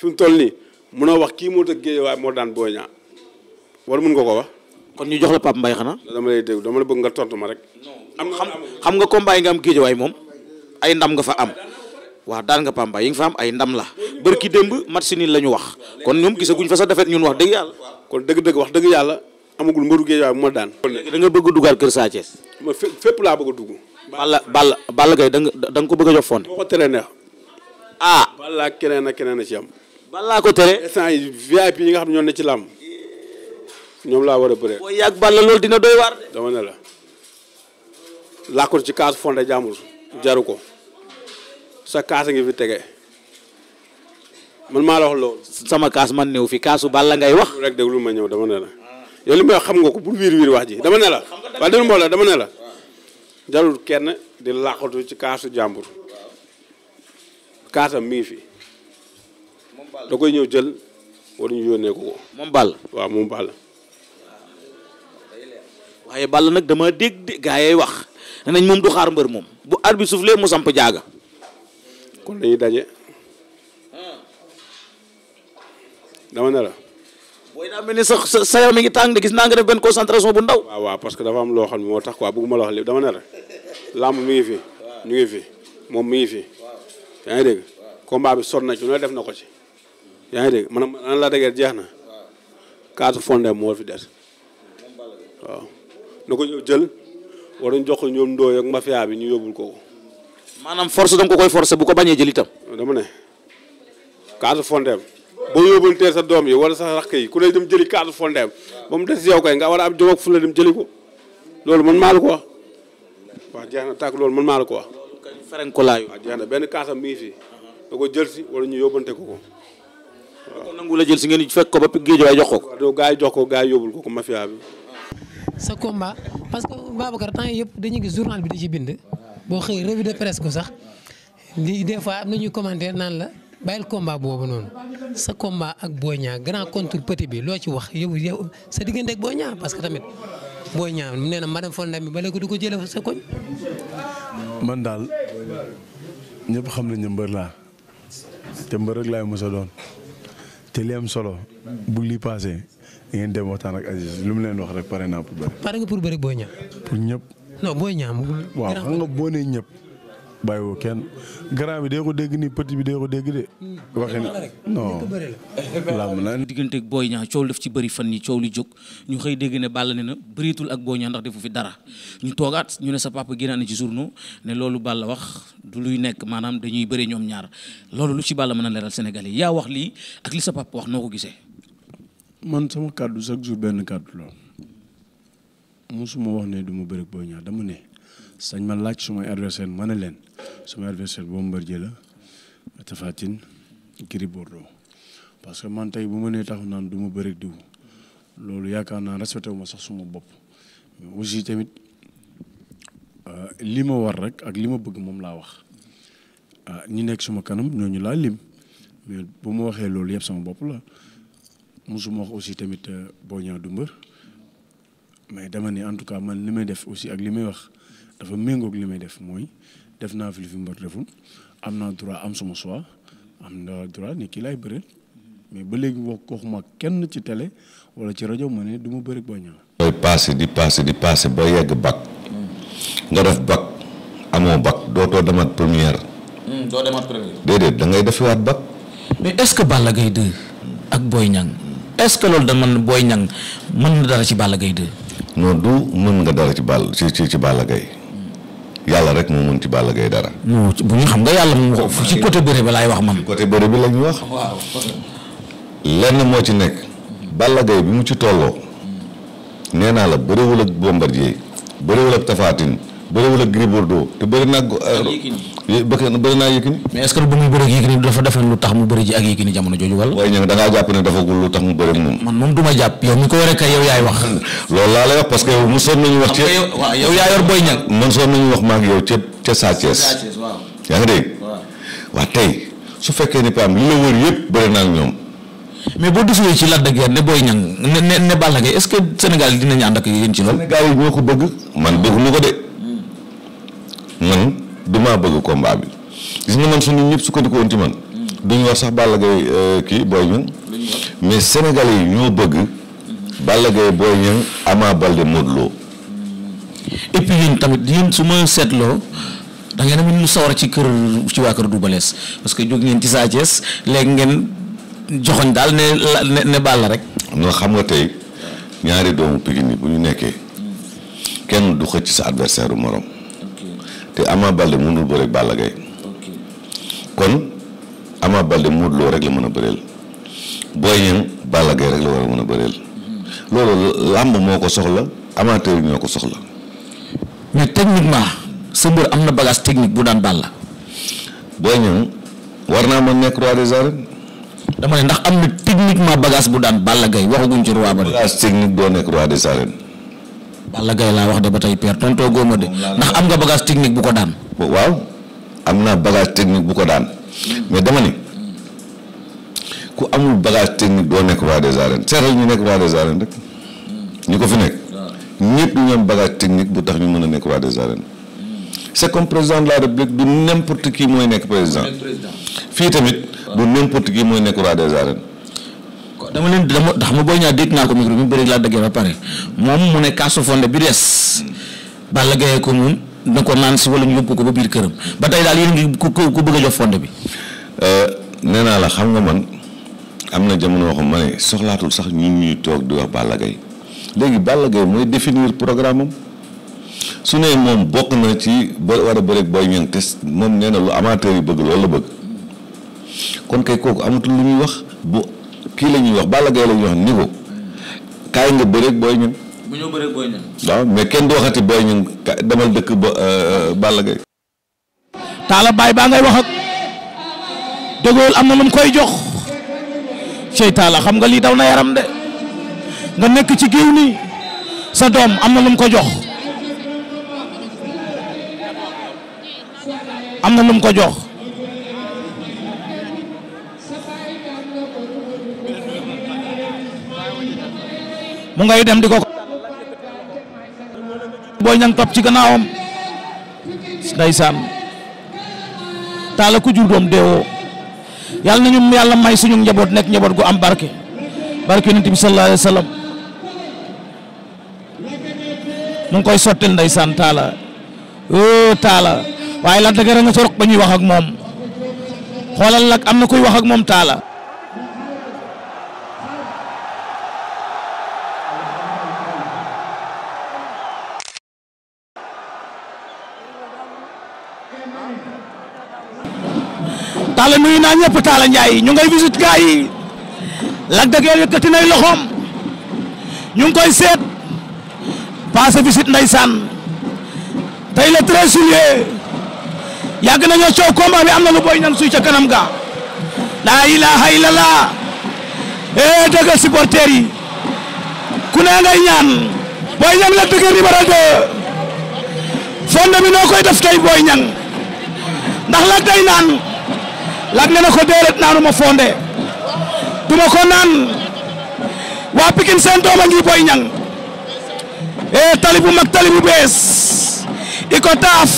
fi mu toll nii munoo wax kii moo tëgg géej moo daan Boy Niang war mun ko ko wax. kon ñu jox la Pape Mbaye xanaa. dama lay dégg dama la bëgg nga tontu ma rek. am xam xam nga combat nga am géej waaye moom ay ndam nga fa am. waaw daan nga Pape yi nga fa am ay ndam la bërki démb match nii la ñu wax kon ñoom gisaguñ fa sa defet ñun wax dëgg yàlla. kon dëgg-dëgg wax dëgg yàlla amagul mbëru géej waaye bu ma da nga bëgg a dugal Kër Sa Thiès. ma fépp laa bëgg dugg. Balla Balla Balla Gaye da nga da nga ko bëgg a jox fonde. boo ko teree neex. keneen ak keneen a ci am. ban laa ko tere. instant yi VIP yi nga xam ne ñoo ne ci làmb ñoom laa war a bëree. boo yàgg Balla loolu dina doy war dama ne la làkkut ci kaas fonde jàmbur jaru ko sa kaas a tege man maa la wax sama kaas man néew fi kaasu Balla ngay wax. rek déglu ma ñëw dama ne la yow xam nga ko bul wiir wiir wax ji dama ne la waaye déglu dama ne la kenn di làqatu ci kaasu jàmbur kaasam mii ngi fi. da koy ñëw jël wala ñu yónnee moom Balla waaw moom Balla. waaye Balla nag dama dégg de gaa yay wax ne nañ moom du xaar mbër moom bu ar bi suuflee mu samp jaaga. kon dañuy daje. dama ne la. booy daa mel ni sa sa yaram mi ngi tàng de gis naa nga def benn concentration bu ndaw. waaw waaw parce que dafa am loo xam ne moo tax quoi bëgguma la wax lépp dama ne la mi ngi fi. ñu ngi fi moom mi ngi fi. yaa ngi dégg combat bi sonn na ci lu ne def na ko ci. yaa ngi dégg man an la dëgër jeex na cadre fondé moo fi des waaw ko ñëw jël waruñ jox ko ñoom ndooy ak bi ñu yóbbul ko. maanaam force danga ko koy forcer bu ko bañee jël itam. dama ne cadre fondé boo yóbbantee sa doom yi wala sa rakk yi ku ne dem jëli cadre fondé ba mu des yow kay nga war a am jom ak jëli ko loolu mën maa la ko wax waaw jeex na tàkk loolu man maa ko wax. jeex na benn kaasam mi ngi fi da ko jël si wala ñu yóbbante ko ko. kon nangu la jël si ngeen fekk ko ba géej waay jox ko ko gaa ko gaa sa combat parce que Babacar temps yëpp dañuy gis journal bi di ci bind boo xëy de presse sax lii des fois am na ñuy commenter naan la bàyyil combat boobu noonu sa combat ak Boy Niang grand contre petit bi loo ci wax yow yow sa diggante ak Boy Niang parce que tamit Boy Niang nee na madame Fonda mi bale ko du ko jëlee sa koñ man daal ñëpp xam nañ ne mbër laa te mbër rek laay mos doon te li am solo bu lii paasee ngeen dem waxtaan ak Aziz lu mu leen wax rek pare naa pour bëri. pare nga pour bari booy Niang. pour ñëpp. non Boy Niang waaw xam nga boo nee ñëpp. bàyyiwoo kenn grand bi dee ko dégg nii petit bi dee ko dégg de. waxin laa làmb na. diggante ak Boy Niang coow daf ci bari fan yi coow li jóg ñu xëy dégg ne Balla ne na baritul ak Boy Niang ndax defu fi dara ñu toogaat ñu ne sa papa génnaat na ci journaux ne loolu Balla wax du luy nekk maanaam dañuy bëri ñoom ñaar loolu lu ci Balla mën a leeral Sénégal yi yaa wax lii ak li sa papa wax noo ko gisee. man sama kàddu chaque jour benn kàddu la mosuma wax ne du ma bëri ak Boy Niang ne. sañ ma laaj sumay adversaire ma ne leen sumay adversaire Bombardier la Tapha Tine Gris Bordeaux parce que man tey bu ma nee taxu naan du ma bëri diw loolu yaakaar naa respecté wu ma sax suma bopp mais aussi tamit euh, li ma war rek ak li ma bëgg moom laa wax ah ñi nekk suma kanam ñooñu laa lim mais bu ma waxee loolu yëpp sama bopp la mosuma wax aussi tamit euh, Boy Niang du mbër mais dama ne en tout cas man li may def aussi ak li may wax dafa méngoog li may def mooy def naa fi lu fi mbër deful am naa droit am suma choix am naa droit ne kii lay bëri mais ba léegi wax waxuma kenn ci tele wala ci rajo ma ne du ma bëri booy ñaan. booy paase di paase di paase ba yegg bac. nga def bac amoo bac dootoo demaat première. Hmm, doo demaat première. da ngay defiwaat bac. mais est-ce que Balla Gaye ak Boy Niang est-ce que loolu da man Boy Niang mën na dara ci Balla gay 2. non du mën nga dara ci bàll ci ci ci Balla Gaye yàlla rek moo mën ci Balla Gaye dara. bu ñu xam nga yàlla mu wax ci côté bëre bi laay wax man. côté bëre bi la ñuy wax. waaw lenn moo ci nekk. Balla Gaye bi mu ci tolloo. nee naa la bëriwul ak Bombardier bëriwul ak Tapha bëriwul ak Gris Bordeaux te bëri naa. Yékini eh, bëri naa Yékini. mais est-ce que bu muy bëri ak Yékini dafa defe lu tax mu bëri ji ak jamono jooju wala. waaye ñoom da ngaa man ko waree kay yow yaay wax. loolu que yow mosoon nañu wax. ci waaw yow ma ak yow ca ca yaa ngi dégg. waaw tey su fekkee ni PAM li la wër yëpp bëri naa ak ñoom. mais boo defee ci Lac de ne booy Niang ne ne ne Balla Gaye est-ce que Sénégal dinañ ànd ak yéen ci yi ñoo ko bëgg man bëgg mu ko de man damaa bëgg combat bi gis nga man suñu ñëpp sukkandiku woon ci man duñu war sax Balla Gaye euh, kii Boy Niang mais sénégalais yi ñoo bëgg Balla Gaye Boy Niang Ama Baldé Modou Lo et puis yéen tamit yéen su ma seetloo da ngeen amoon mu sawar ci kër ci waa kër Double Less parce que jóg ngeen ci Sa Thiès léegi ngeen joxoñ daal ne ne Balla rek nga xam nga tey ñaari doomu Pikine bu ñu nekkee kenn du xëcc sa adversaire u morom te Ama Baldé mënul bëre ak Balla Gaye kon Ama Baldé Modou rek la mën a bëreel Boy Niang Balla Gaye rek mhm. loolu làmb moo ko soxla amateur yi ñoo ko soxla mais techniquement sa mbër am na bagage technique bu daan Balla Boy Niang war naa mën nekk roi des arènes dama ne ndax am na techniquement bagage bu daan Balla Gaye waxaguñ ci roi ba de bagage technique doo nekk roi des arènes Balla Gaye laa wax de ba tey Père tontoo góoma de ndax am nga bagage technique bu ko daan. waaw am naa bagage technique bu ko daan mais dama ni ku amul bagage technique doo nekk roi des arènes seetal ñu nekk roi des arènes rek ñu ko fi nekk ñëpp ñu am technique bu tax ñu mën a nekk roi de arènes c'est comme président de la république du n'importe qui mooy nekk président fii tamit du n'importe kii mooy nekk roi des arènes. dama leen dama xam ma booy ñaar dégg naa ko micro bi bëri laa dëggee ba pare moom mu ne kaasu fonde bi des Balla Gaye ko moom na ko naan si wala ñu yóbbu ko ba biir këram ba tey daal yéen ngi ku ku bëgg a jox fonde bi. Euh, nee naa la xam nga man am na jamono yoo xam ma ne soxlaatul sax ñun ñuy toog di wax Balla Gaye léegi Balla Gaye mooy définir programme su ne moom bokk na ci war a bëreeg Boy Niang te moom nee na lu amateur yi bëgg loolu la bëgg kon kii la ñuy wax Balla Gaye la wax ni ko kaay nga bëreeg booy ñun. ñun. waaw mais kenn du waxati booy ñun demal dëkk ba euh, euh, Balla Gaye. Talla baa ngay wax ak dëggool am na lu koy jox cey Talla xam nga lii daw na yaram de nga nekk ci géew nii sa doom am na lu mu ko jox am na lu ko jox. mu ngay dem di ko booy ñang topp ci gannaawam ndeysaan taala ku jur doom deewoo yàlla nañu yàlla may suñu njaboot nekk njaboot gu am barke barke yonent bi sallallahu alayhi mu ngi koy sottil ndeysaan taala oo taala waaye la dëgg nga sorok ba ñuy wax ak moom xoolal nag am na koy wax ak moom taala naa ñëpp Talla Ndiaye ñu ngay visite gaa yi Lac de Guiers yëkkati nay loxoom ñu ngi koy seet passé visite ndeysaan tey le 13 juillet yàgg nañoo coow combat bi am na lu boy ñan suy ca kanam ga laa ilaha illallah eh dëgg supporter yi ku ne ngay ñaan boy ñan Lac de Guiers numéro 2 noo koy def tey boy ñan ndax Lac naan. Lac nee na ko déedéet naanu ma fondé duma ko naan waa Pikine seen doom a ngi Boy Niang e tali bu mag tali bees i ko taaf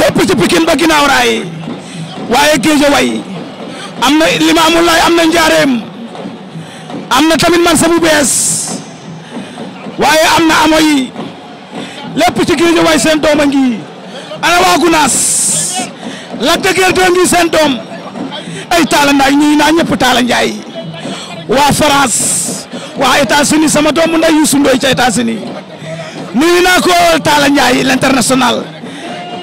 lépp ci Pikine ba ginnaaw raay waaye Guédiawaye am na Limamou Laye am na njaareem am na tamit marché bu waaye am na amoy lépp ci Guédiawaye seen doom a ngi ana waa Gunaas Lac de Guiers 2 ngi seen doom ay Talla Ndiaye ñuy naa ñëpp Talla Ndiaye waa France waa états sama doomu nday Youssou Ndoye ca États-Unis nuyu naa ko Talla Ndiaye l'international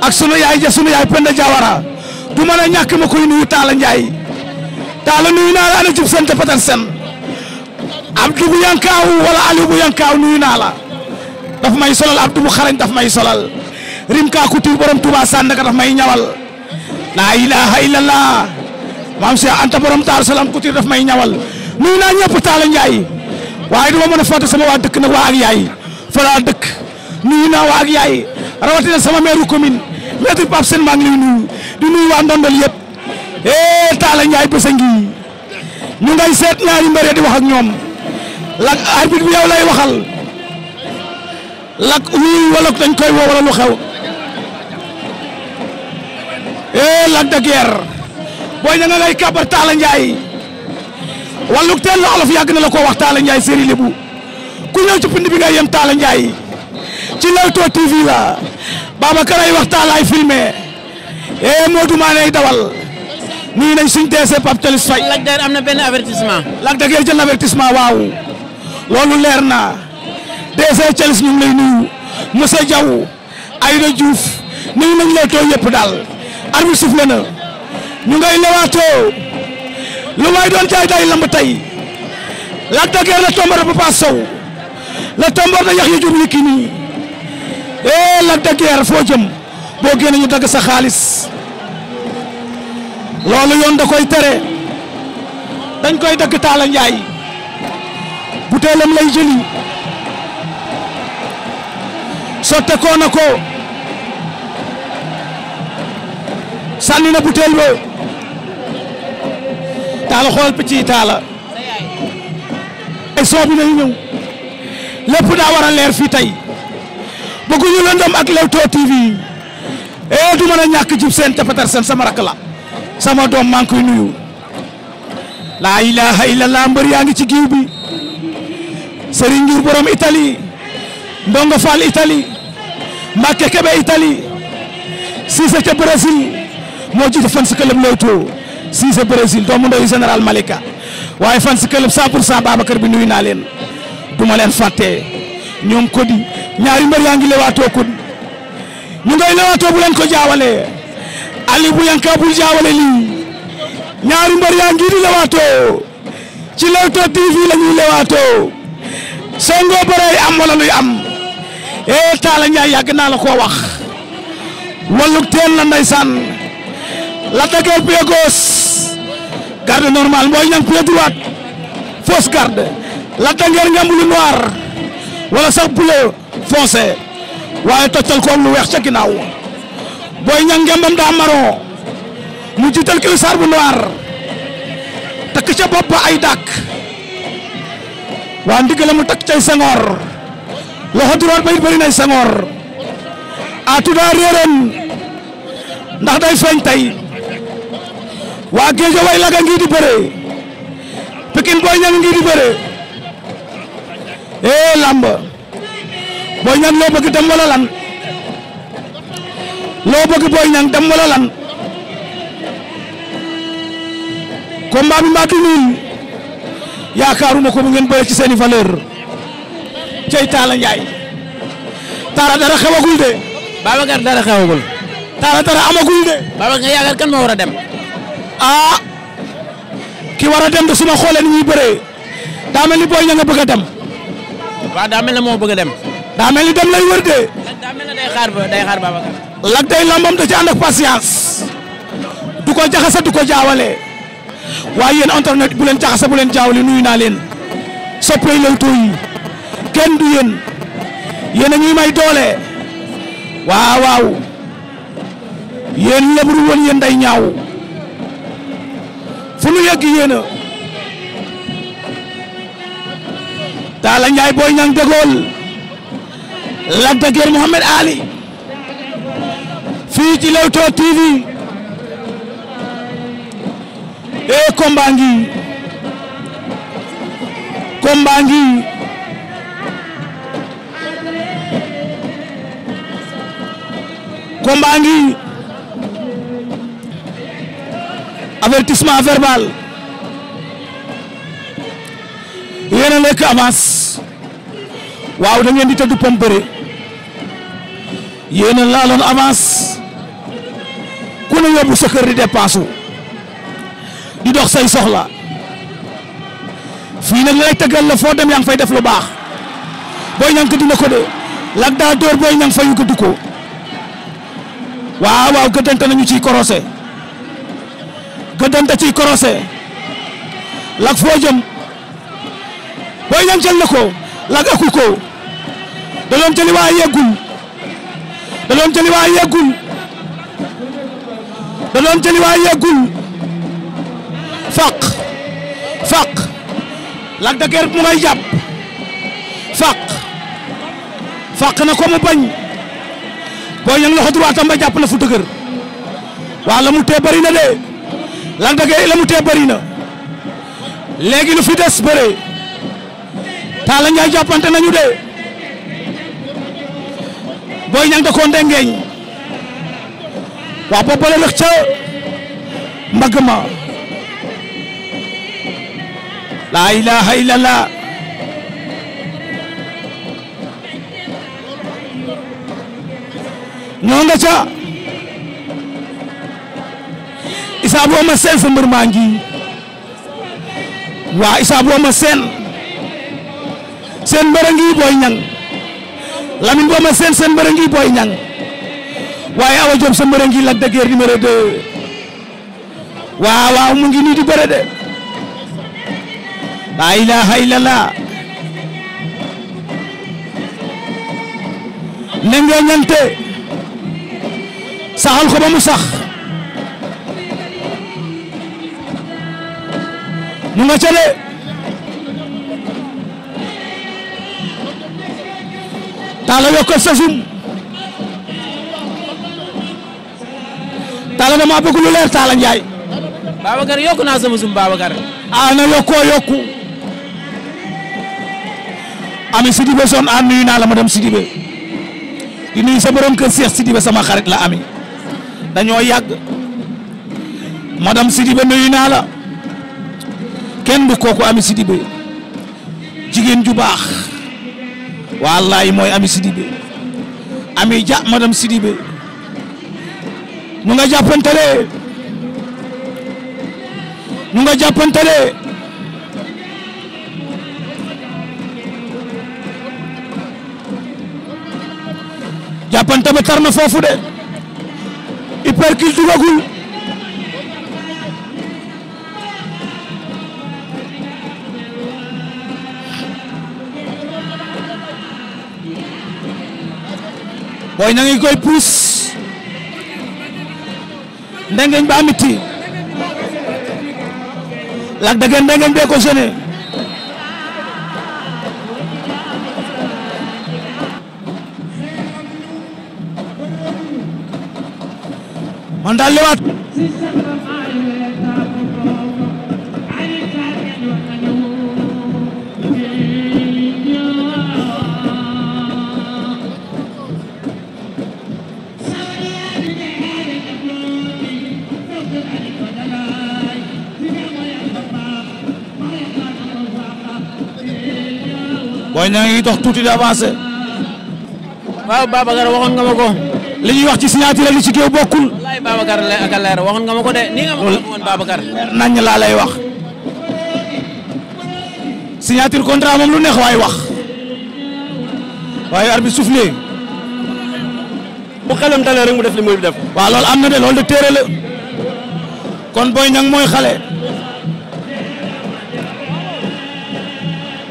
ak sunu yaay ja sunu yaay Penda Diawara du mën a ñàkk ma koy nuyu Talla Ndiaye Talla nuyu naa la ana jub seen te patal seen Abdou bu yankaaw wala Aliou yankaaw nuyu naa la daf may solal Abdou bu xarañ daf may solal rim kaa ku tiw borom Touba Sandaga may ñawal laa ilaha illallah maam Cheikh Anta borom Salaam Couture daf may ñawal nuyu naa ñëpp Talla Ndiaye waaye duma mën a fàtte sama waa dëkk nag waa ak yaay fa laa dëkk nuyu naa waa ak yaay rawatina sama maire commune maître Pape Sène maa ngi lay nuyu di nuyu waa Ndondol yëpp eh Talla Ndiaye bés a ñu ngay seet ñaari mbër di wax ak ñoom lak arbitre bi yow lay waxal lak wii wala dañ koy woo wala lu xew. eh Lac de Guiers booy ña nga ngay kàbbar Talla Ndiaye teel la olof yàgg na la ko wax Talla Ndiaye série ku ñëw ci pind bi nga yem Talla Ndiaye ci Leewtoo TV la Babacar ay wax Talla ay filmé eh Modou ay dawal nuyu nañ suñ DG Pape Thialis Faye. Lac de Guiers am na benn avertissement. Lac de Guiers loolu leer na DG Thialis ñu lay nuyu monsieur Diaw Aïda Diouf nuyu nañ Leewtoo yëpp daal. armi soufflé na ñu ngay lewaatoo lu waay doon jaay day lamb tey Lac de la tomboor Papa Sow la tomboor na Yaxya Joob Yékini ee eh, Lac de Guiers foo jëm boo génne ñu dagg sa xaalis loolu yoon da koy tere dañ koy dagg Taala Njaay buteelam lay jëli sotte ko ko sànni na butéel ba taala xool picc yi taala élection bi nañu ñëw lépp daa war a leer fii tey bëgguñu lëndëm ak Leewtoo TV yi eh, e du mën a ñàkk jib seen capatar seen sama rakk la sama doom maa ngi koy nuyu laa ilaha illallah mbër yaa ngi ci giw bi Serigne Ndiour borom Italie Ndongo Fall Italie Mbacke Kebe Italie Cissé ca Brésil moo jiite fan si club Leewtoo Cissé Brésil doomu ndoyu général Malika waaye fan si club 100 pour 100 Babacar bi nuyu naa leen du ma leen fàtte ñoom Cody ñaari mbër yaa ngi lewaatoo Cody ñu ngay lewaatoo bu leen ko jaawalee Ali bu yanka jaawale lii ñaari mbër yaa ngi di lewaatoo ci Leewtoo TV la ñuy lewaatoo songo bëree am wala luy am ee eh, Talla Ndiaye yàgg naa la ko wax walluk teen la ndeysaan l'attaqueur pied gauche garde normal Boy Niang pied droite fausse garde l'attaqueur ngemb lu noir wala sax bleu foncé waaye toccal ko lu weex ca ginnaaw booy Niang ngembam daa marron mu jiital kilisar bu noir takk ca bopp ba ay dàkk waa ndigale mu takk cay sangoor loxo droit ba it bëri atu daa réeroon ndax day feeñ tey waa géej way laga ngi di bëre Pikine Boy Niang ngi di bëre eh lamb Boy Niang loo bëgg dem wala lan loo bëgg Boy Niang dem wala lan combat yaakaaruma ko mu ngeen ci seeni valeur cey Talla Ndiaye Talla dara xewagul de Babacar dara xewagul Talla dara amagul de Babacar nga yaakaar kan moo war a dem ah ki war a dem de su ma xoolee ni muy bëree daa mel ni booy ña nga bëgg a dem. waaw daa mel ne moo bëgg a dem. daa ni dem lay wër de. daa mel ne day xaar ba da ci ànd ak patience. du ko jaxase du ko jaawale. waaye yéen internet bu leen jaxase bu leen jaawale nuyu naa leen. soppey Leewtoo kenn du yéen yéen a ñuy may doole waaw waaw yéen lebru woon day ñaaw. fu nu yegg yéena Talla Ndiaye Boy Niang Dégaule Lac de Guiers Ali fii ci Leewtoo TV e eh, combat ngi combat ngi avertissement verbal yéen a nekk avance waaw da ngeen di tëdd pom bëre yéen a laaloon avance ku ne yóbbu sa di dépasse di dox say soxla fii nag lay tëggal la foo dem yaa ngi fay def lu baax booy ñang ko dina ko de lak daa dóor booy ñang fayu ko du ko waaw waaw gëddante nañu ciy korosé gëddën da ciy korosé Lac foo jëm Boy jël na ko Lac aku ko da doon jëli waa yeggul da doon jëli waa yeggul da doon mu ngay jàpp faq faq na ko mu bañ Boy Niang loxo droit tam ba jàpp na fu dëgër waa la mu tee bari na Lac de Guiers la tee bëri na léegi lu fi des bëre Talla Ndiaye jàppante nañu de Boy Niang da ndengeeñ wax ba bële ca mbagg ma laa ilaha illallah ñoo nga ca Issa bu Eumeu Sène sa mbër maa ngi waa Issa bu Eumeu seen mbër a ngi Boy Niang Lamine bu Eumeu Sène seen mbër a ngi Boy Niang waaye Awa Diop sa mbër a ngi Lac de Guiers numéro waaw mu ngi nii di bëre de la ilaha illallah ne ngeen ñante saxal ko ba mu sax mu nga ca de taala yokkal safum taala dama bëgg lu leer taala njaay Babacar yokku naa sama sum Babacar ana ah, yokkoo yokku ami Sidibé son an ah, nuyu naa la madame Sidibé di nuyu sa borom kër Cheikh Sidibé sama xarit la ami dañoo yàgg madame Sidibé nuyu naa la kenn du kooku Ami Sidibé jigéen ju baax wallaay mooy Ami Sidibé Ami Dia madame Sidibé nu nga jàppante de nu nga jàppante de jàppante ba tar na foofu de hypercule dugagul Boy Niang ngi koy puus ndengeñ ba amiti Lac de Guiers ndengeñ bee ko gêné man daal lewaat booy ñaa ngi dox tuuti di avancé. waaw Babacar waxoon nga ma li ñuy wax ci signature li ci géew bokkul. wallaay Babacar la ak leer waxoon nañ laa lay wax. signature contrat moom lu neex waay wax. waaye arbitre soufflé. bu xelam dalee rek mu def li muy def. waaw loolu am na de loolu de téere la. kon Boy Niang mooy xale.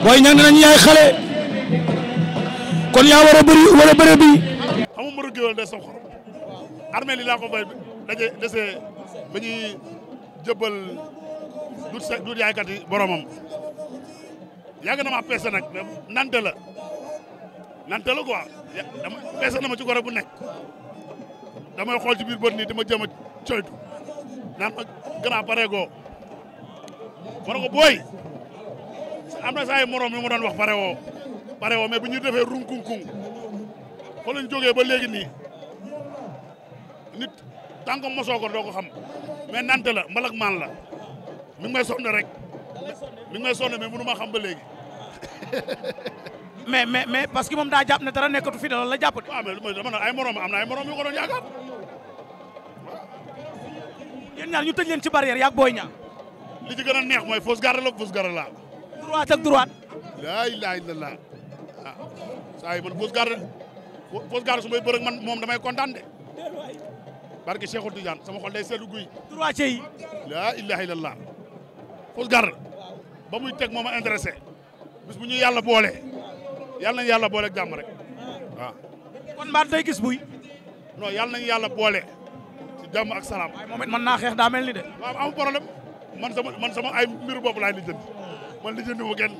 Boy Niang dinañ yaay xale. kon yaa war a bëri wala bëre bi. xam nga mbëru géwél day sox xorom armée li laa ko fay daje dese ba ñuy du se du yaaykat yi boromam yàgg na maa peese nag mais nante la nante la quoi dama peese na ma ci goro bu nekk damay xool ci biir bët nii dama jëm a coytu naan ma grand pareegoo ma ne ko booy am na saa yu morom yu ma doon wax pare woo. pare woo mais bu ñu defee runkunkung fa lañ jógee ba léegi nii nit tant que mosoo ko doo ko xam mais nante la mbalak maan la mi ngi may sonn rek mi ngi may sonn mais mënu ma xam ba léegi. mais mais mais parce que moom daa jàpp ne dara nekkatu fi dara la jàpp de. waaw ah, mais ma ne ay morom am na ay morom yu ko doon yaakaar. yéen ñaar ñu tëj ci barrière yaag booy ñaar. li ci gën a neex mooy fausse garde la fausse garde la. droite ak droite. la waaw saa yi man fausse garde fausse garde su bërëg moom damay kontaan de barke Cheikhou Tidiane sama xol day seetlu guy. droitier yi. laa ilaaha illallah ba muy teg moom a intéressé bis bu ñu yàlla boole yàlla yàlla boole jàmm rek waaw. kon mbaat day gis buy. non yàlla nañu yàlla boole ci jàmm ak salaam. waaye moom it naa xeex daa mel ni de. waaw amul problème man sama man sama ay mbiru bopp laay lijjanti man lijjanti bu kenn.